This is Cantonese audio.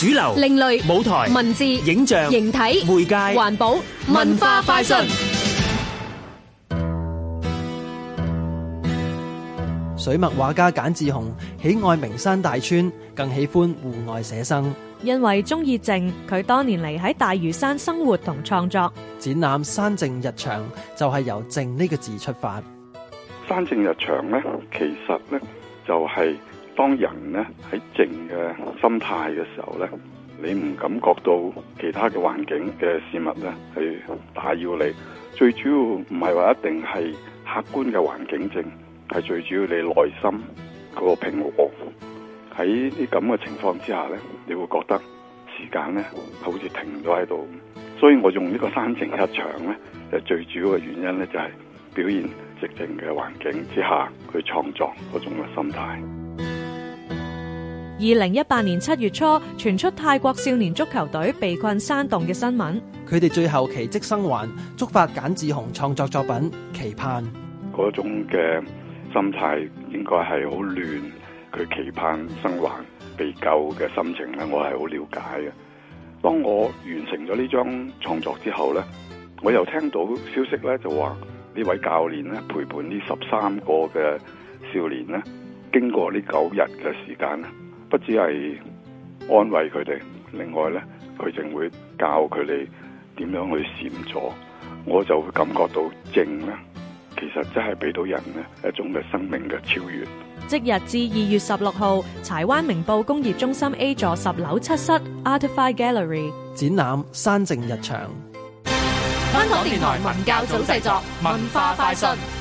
主流、另類舞台、文字、影像、形體、媒介、環保、文化快訊。水墨畫家簡志雄喜愛名山大川，更喜歡戶外寫生。因為中意靜，佢多年嚟喺大嶼山生活同創作。展覽《山靜日長》就係、是、由靜呢、這個字出發。山靜日長咧，其實咧就係、是。當人呢喺靜嘅心態嘅時候呢你唔感覺到其他嘅環境嘅事物呢係打擾你。最主要唔係話一定係客觀嘅環境靜，係最主要你內心嗰個平和。喺呢咁嘅情況之下呢你會覺得時間好似停咗喺度。所以我用呢個山靜日長呢就是、最主要嘅原因呢就係、是、表現寂靜嘅環境之下去創作嗰種嘅心態。二零一八年七月初，傳出泰國少年足球隊被困山洞嘅新聞。佢哋最後奇蹟生還，觸發簡志雄創作作品《期盼》那的。嗰種嘅心態應該係好亂，佢期盼生還、被救嘅心情咧，我係好了解嘅。當我完成咗呢張創作之後咧，我又聽到消息咧，就話呢位教練咧陪伴呢十三個嘅少年咧，經過呢九日嘅時間。不止係安慰佢哋，另外咧，佢淨會教佢哋點樣去善助，我就會感覺到正咧。其實真係俾到人咧一種嘅生命嘅超越。即日至二月十六號，柴灣明報工業中心 A 座十樓七室 Artify Gallery 展覽山靜日場。香港電台文教組製作，文化快訊。